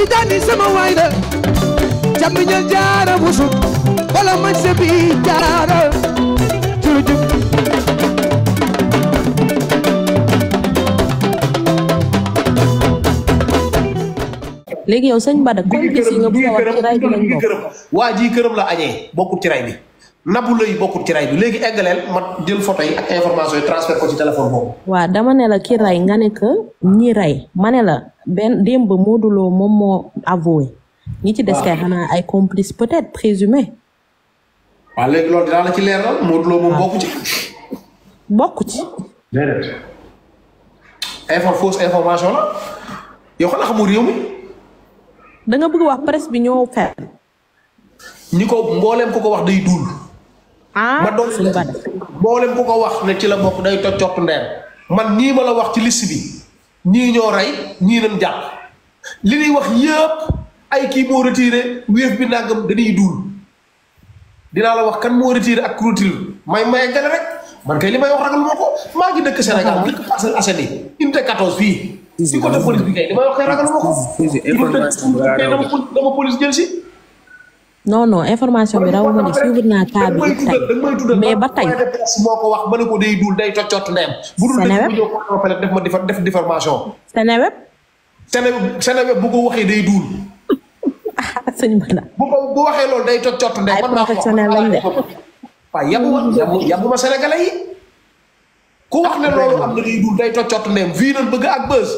tijani sama waay la jambi ñal jaara busu wala man se jaara jurujub léegi yow sëñ Bada comme gis nga bu wax ci ray bi waa ji këram la añee bokkul ci bi nabu lay bokkul ci ray bi léegi eggaleel ma jël photo yi ak information yi transfert ko ci téléphone boobu. waa dama ne la ki ray nga ne que ñi ray ma ne la benn démb Modou Lo moom moo avoué. ñi ci des kay xanaa ay complice peut-être présumé. waaw léegi ci leeral Modou Lo moom bokku information la yow xanaa xamul réew mi. da nga bëgg wax presse bi ñoo fen ñi ko mbooleem ko ko wax day duul. Ah, ma doon mboolem boo ko wax ne ci la bokk day toj cottu ndeem man nii ma la wax ci liste bi ñii ñoo rey ñii nañ jàpp li ñuy wax yëpp ay kii moo retiré wéef bi nangam dañuy duul dinaa la wax kan moo retiré ak ku retiré may maye gale rek man kay li may wax ragal moo ko maa ngi dëkk Sénégal dëkk Parcelles Assainies unité 14 fii. bi kay li may wax kay ragal moo ko. dama police jël si. non non information bi rawuma ne suivre naa cas bi tey mais ba tey moo ko wax ba ne ko day dul day coccot ndeyam bu dul def ma def diffamation Seneweb Seneweb bu ko waxee day duul sëñ bi nag bu ko bu waxee loolu day coccot ndeyam ay professionnel lañ de waaw yabuma yabuma sénégalais yi ku wax ne loolu am na day dul day coccot ndeyam fii nañ bëgg ak bës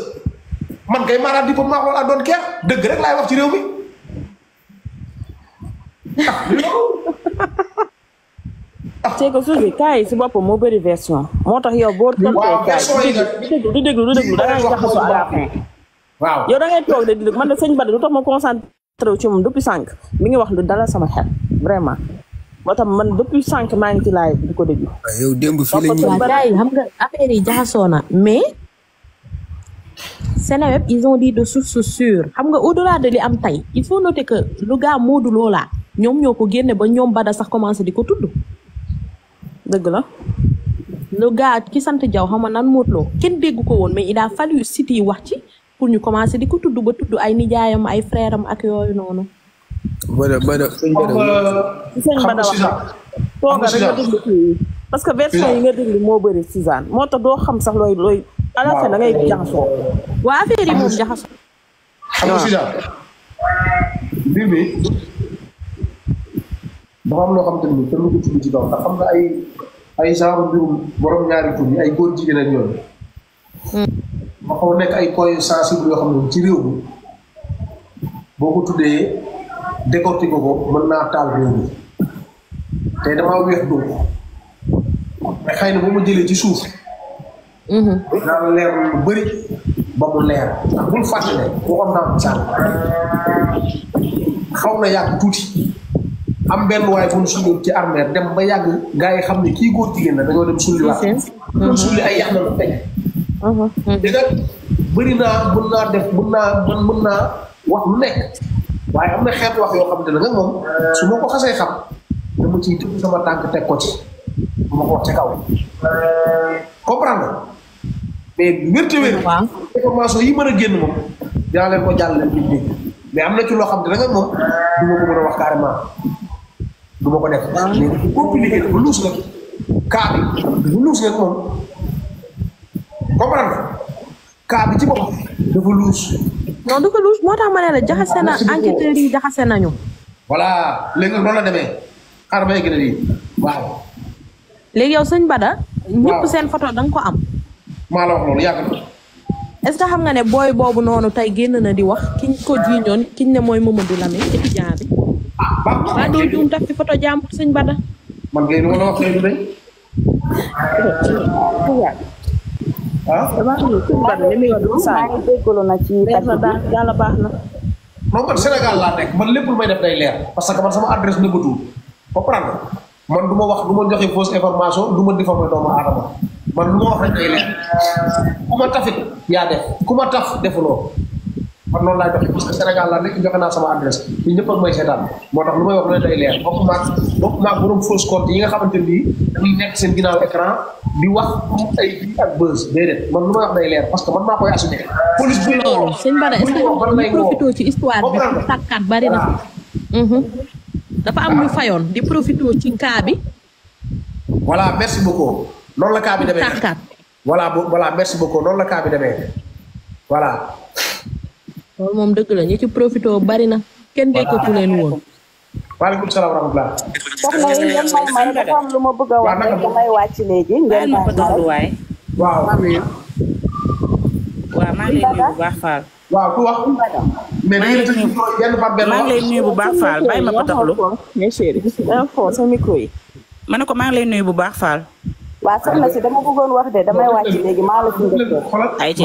man kay maanaam di ba maa xool doon keex dëgg rek laay wax ci réew mi c'est que suuf bi cas yi si boppam moo bëri version moo tax yow boo. waaw version yi du jaxasoo à la fin. waaw yow da de di man de sëñ Bada lu ma concentré wu ci moom sànq mi ngi wax lu dalal sama xel vraiment moo tax man depuis sànq maa ngi ci laay di ko déglu. yow démb xam nga affaire yi jaxasoo na mais. Seneweb ils ont dit de source sûre xam nga au delà de li am tey il faut noter que lu gaa Modou Lo ñoom ñoo ko génne ba ñoom Bada sax commencé di ko tudd dëgg la le gars ki sant jaw xam nga nan Modou kenn dégg ko woon mais il a fallu cité wax ci pour ñu commencé di ko tudd ba tudd ay nijaayam ay frère ak yooyu noonu. Bada Bada sëñ parce que version moo bëri Suzanne moo tax doo xam sax looy looy. à la fin da ngay jaxasoo. waa affaire yi moom jaxasoo. xam nga Suzanne mbir dafa am loo xam te ni te lu ko tudd ci doom ndax xam nga ay ay góor jigéen ak hmm. nekk ay points yoo xam ne ci réew mi ko tuddee décortiquer ko mën naa taal réew mi te damaa bu ma ci suuf. Hmm. dinaa leer ba mu leer bul fàttali ne waxoon naa ko sànq xaw na yàgg tuuti. am benn waaye bu ñu ci armeer dem ba yàgg gaa yi xam ne kii góor jigéen la dañoo dem sulli waat dem sulli ay yax na lu teg te bëri naa mën naa def mën naa mën mën naa wax lu nekk waaye am na xeet wax yoo xamante ne nag moom su ma ko xasee xam dama ciy tëb sama tànk teg ko ci ci kaw comprendre mais wérte wér information yi mën a leen ko jàllale nit am na ci loo xam ne nag moom a wax carrément du ma ko def. mais dafa compliqué nga ci ko luus moo tax ma ne la jaxase na nañu. voilà léegi nag noonu la demee sëñ Bada. ñëpp seen photo da ko am. maa la wax loolu na. est que xam nga ne booy boobu noonu tey génn na di wax ki ko jiiñoon kiñ ne mooy Mamadou Lamine étudiant bi. waa doo juum taf ci photo jàmbur sëñ Bada. man kay ma la wax léegi rek. ah. damaa saa yi. déglu na ci yàlla baax na. non man Sénégal laa nekk man lépp lu may def day leer parce que man sama adresse nëbbatul comprendre man du ma wax du joxe fausse information du ma doomu aadama man lu ma wax rek day leer ku ma tafit yaa def ku taf defuloo. man noonu laay doxee parce que Sénégal laa nekk joxe naa sama adresse ñun ñëpp ak may seetaan moo tax lu may wax loolu day leer bokk maag bokk maag borom fausse compte yi nga xamante ni dañuy nekk seen ginnaaw écran di wax ay kii ak buzz déedéet man lu may wax day leer parce que man maa koy assumé. police bu ñu woo sëñ Bada est-ce que ñu profité ci histoire bi pour tàkkaat bari na. Mhm. dafa am ñu fayoon di profité ci cas bi. voilà merci beaucoup. loolu la cas bi demee tàkkaat. voilà voilà merci beaucoup loolu la cas bi demee voilà. loolu moom dëgg la ñi ci profité bari na kenn déggatu leen woon. waaleykum salaam wa rahmatulah. soxna yi a wax rek léegi. ngeen may ma maa ngi bu baax Fall. waaw ku wax. maa ngi bu baax Fall bàyyi ma ko ma ne ko maa ngi lay nuyu bu baax Fall. waaw soxna si dama bëggoon wax de damay wàcc léegi maa la fi ay ci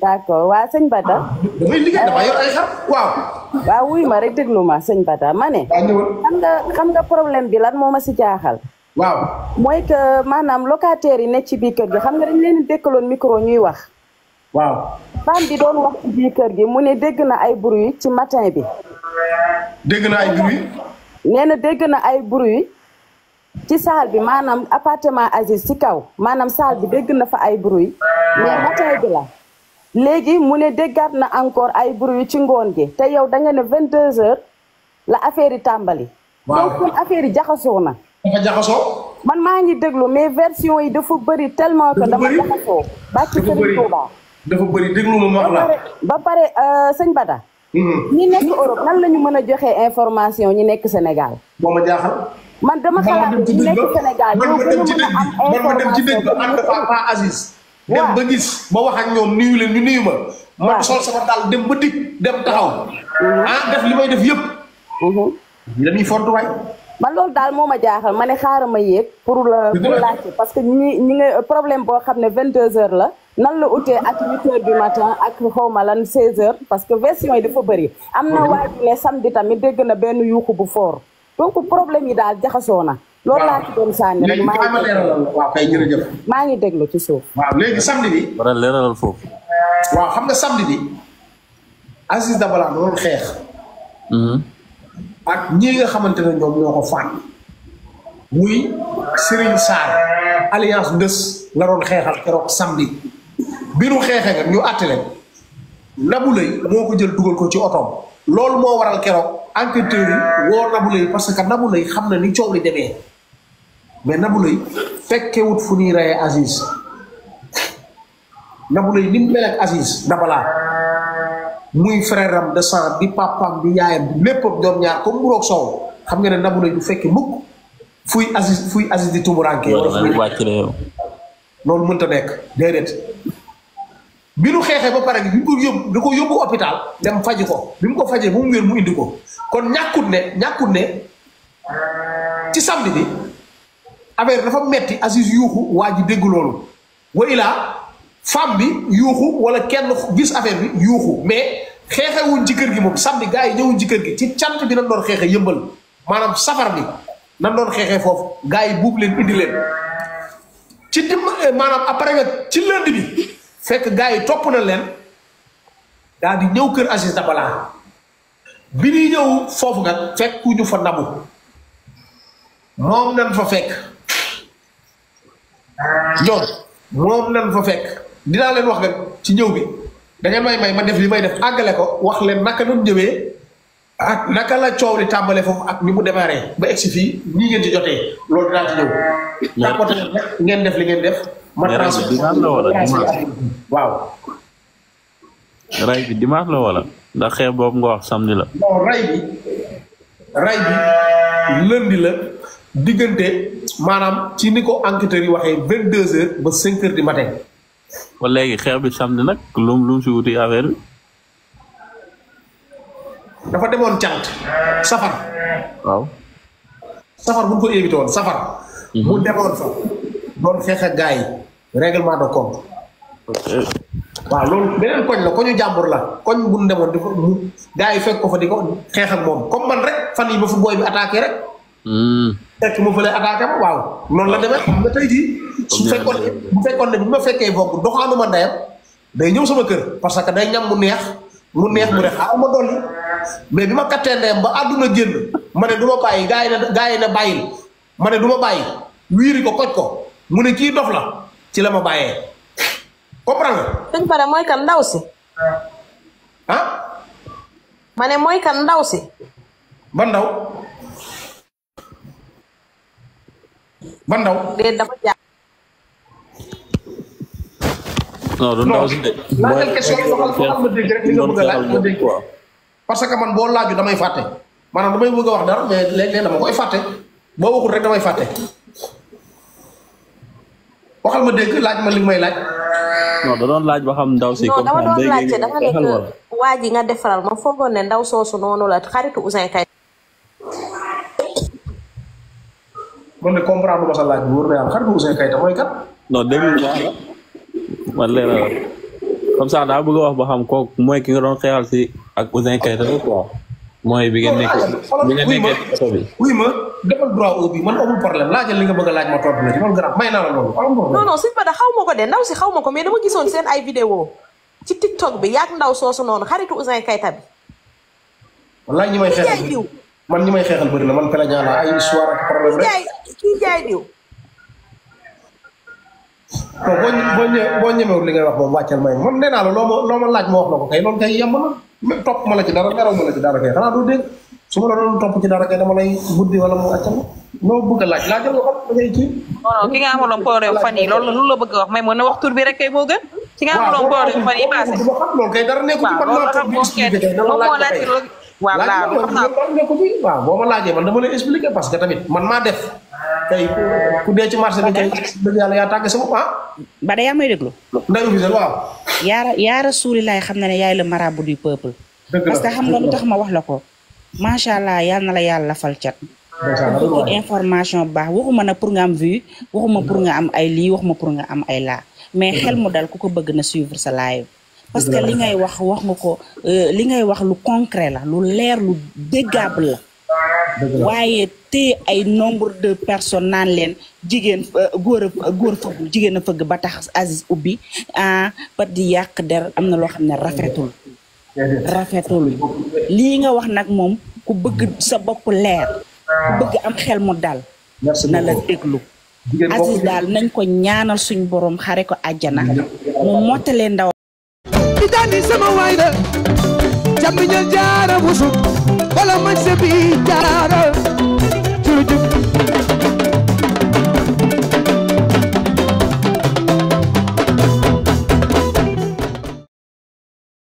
d'accord waaw sëñ Bata. Ah, waaw. waaw wuy ma rek déglu ma sëñ Bata ma ne. xam nga xam nga problème bi lan moo ma si jaaxal. waaw. mooy que maanaam locataires yi ne ci biir kër gi xam nga dañ leen dëkkaloon micro ñuy wax. waaw. femme bi doon kër gi mu ne dégg na ay bruit ci matin bi. dégg na ay bruit. nee na dégg na ay bruit. ci saal bi maanaam appartement Aziz ci kaw maanaam saal bi dégg na fa ay bruit. mais matin bi la. léegi mu ne déggaat na encore ay bruit ci ngoon gi te yow da ne vingt 22h la affaire yi tàmbali. waaw donc affaire yi jaxasoo na. man maa ngi déglu mais version yi dafa bëri tellement que dama jaxasoo. bàcc Sëriñ Tuuba dafa bëri déglu ma wax la. ba pare euh, sëñ Bada. Mm-hmm. ñi nekk Europe nan la ñu mën a joxee information ñi nekk Sénégal. boo ma jaaxal. man dama xalaat ñi nekk Sénégal ñoo a mën a am information. man ma dem ci dëj ba ànd ak Papa Aziz. dem ba gis ma wax ak ñoom nuyu leen ñu nuyu ma. ma sol sama dàll dem ba dikk dem taxaw. Mhm. ah def li may def yëpp. dañuy mhm. fontu waay. man loolu daal moo ma jaaxal ma ne xaaral ma yéeg. pour la pour parce que ñi ñi problème boo xam ne 22h la. nan la utee ak 8h du matin ak xawma lan 16h parce que version yi dafa bëri. am na mhm. waay bu ne samedi tamit dégg na benn yuuxu bu fort donc problème yi daal jaxasoo na. loolu laa ci doon sànni rek maa ngi leeralal jërëjëf maa ngi déglu ci suuf waaw léegi samedi bi war a leeralal foofu waaw xam nga samedi bi Aziz Dabala loolu xeex mhm. ak ñi nga xamante ne ñoom ñoo ko muy Serigne Sarr alliance ndës la doon xeexal keroog samedi bi nu xeexee nga ñu àtte leen Nabou Leye moo ko jël dugal ko ci otoom loolu moo waral keroog enquêteurs yi woo Nabou Leye parce que nabu lay xam ne ni coow li demee mais Nabou Leye fekkewut fu ñuy reyee Aziz Nabou Leye ni mu mel ak muy frère am de sang di papam di yaayam di lépp doom ñaar comme bu roog soow xam nga ne Nabou Leye du fekk mukk fuy Aziz fuy Aziz di tumuraanke wala loolu mënta nekk déedéet bi nu xeexee ba pare bi mu ko da ko yóbbu hôpital dem faji ko bi mu ko fajee ba mu wér mu indi ko kon ñàkkut ne ñàkkut ne ci samedi bi affaire dafa metti Aziz yuuxu waa ji dégg loolu wa ilaa femme bi yuuxu wala kenn gis affaire bi yuuxu mais xeexewuñ ci kër gi moom samedi gars yi ñëwuñ ci kër gi ci cant bi nan doon xeexe yëmbal maanaam safar bi nan doon xeexee foofu gars yi buub leen indi leen ci dim eh, maanaam après ci lënd bi fekk gaa yi topp na leen daal di ñëw kër Aziz Dabala bi ñuy ñëw foofu nga fekk ku ñu fa nabu moom lañ fa fekk ñoom moom lañ fa fekk dinaa leen wax nga ci ñëw bi da may may ma def li may def àggale ko wax leen naka la ñëwee ak naka la coow li tàmbalee foofu ak ni mu démarré ba egsi fii nii ngeen ci jotee loolu dinaa ci ñëw. d' ngeen def li ngeen def. maraîchage bi ray bi dimanche la wala. ndax xeex boobu nga wax samedi ray bi ray la diggante maanaam ci ni ko enquêteurs yi waxee vingt deux heures ba cinq heures du matin. ba léegi xeex bi samedi nag lum lum si wuti affaire dafa demoon cant safar. waaw. safar bu ñu ko évité woon safar. Mhm. mu demoon fa doon xeex ak gaa règlement de compte. waaw loolu beneen koñ la koñu jàmbur la koñ bu nu demoon di ko mu gars ko di ko xeex ak moom fan yi fu booy bi attaqué rek. Hmm. fekk mu fële attaqué waaw. noonu la demee xam tey jii. su fekkoon ne bu fekkoon ne ma fekkee bokk doxaanu ma ndeyam day ñëw sama kër parce que day ñam mu neex. mu neex mu ne xaaral ma dolli mais bi ma kattee ndeyam ba àdduna génn ma ne du ma bàyyi gars yi ne gars bàyyil ma ne du ma bàyyi wiiri ko koj ko mu ne kii dof la. ci la ma bàyyee comprendre nga. suñ pare mooy kan ndaw si. ah. ma mooy kan ndaw si. ba ndaw. ba ndaw. déet dama jàpp. non du ndaw a laaj ma dégg quoi. parce que man boo laaju damay fàtte maanaam damay bëgg a wax dara mais léeg na dama koy fàtte boo waxul rek damay fàtte. waxal ma dégg laaj ma li may laaj. non laaj ba xam ndaw si. comme dama doon laajte nga defaral sa laaj bu wóor na yàlla xaritu wax ba xam mooy ki nga doon xeexal si ak Ouzin Keita mooy bi nekk bi ngeen nekkee defal droit au man amul problème laajal li nga bëgg a laaj ma tontu la ci loolu garab may naa la loolu amul non non suñu bada xaw ma ko de ndaw si xaw ma ko mais dama gisoon seen ay vidéo noonu xaritu Ouzin ñi may xeexal diw man ñi may xeexal bëri na man pelañaa la ay histoire ak problème rek jaay kii jaay diw bon boo boo li ngay wax moom man nee naa la loo ma loo ma laaj ma wax la ko kay loolu kay yemb na topp ma la ci dara leeral ma la ci dara kay xanaa doo dégg su ma la doon topp ci dara kay dama lay guddi wala mu acca noo bëgg a laaj laajal nga xam da ngay kii. non non ki nga amaloon problème fan yii loolu loolu la bëgg wax may mën na bi rek kay moo gën. ci nga amaloon problème fan yii passé. waaw loolu kay waaw laaj ko dara nekkul ci waaw boo ma parce que tamit man maa def. tey ku dee ci marché bi tey yàlla yaa tàgge sama ah. ba day am ay déglu. ndax yu gisal yaara yaara suuli laay xam na ne yaay le marabout du peuple. la parce que xam nga lu tax ma wax la ko macha allah yal na la yàlla fal cat. ko information baax waxuma na pour nga am vue waxuma pour nga am ay lii waxuma pour nga am ay la mais xel mu dal ku ko bëgg na suivre sa live parce que li ngay wax wax nga ko euh, li ngay wax lu concret la lu leer lu déggable la waaye te ay nombre de personne naan leen jigéen euh, góor a góor fëgg jigéen a fëgg ba tax Aziz ubbi ah pat di yàq der am na loo xam ne rafetul rafetul lii nga wax nag moom ku bëgg sa bopp leer ku bëgg am xel mu dal na la déglu Aziz daal nañ ko ñaanal suñ boroom xare ko àjjana mu mottalee ndaw idaani sama waay da jàmmiñal jaara busub wala mañ sa bi jaara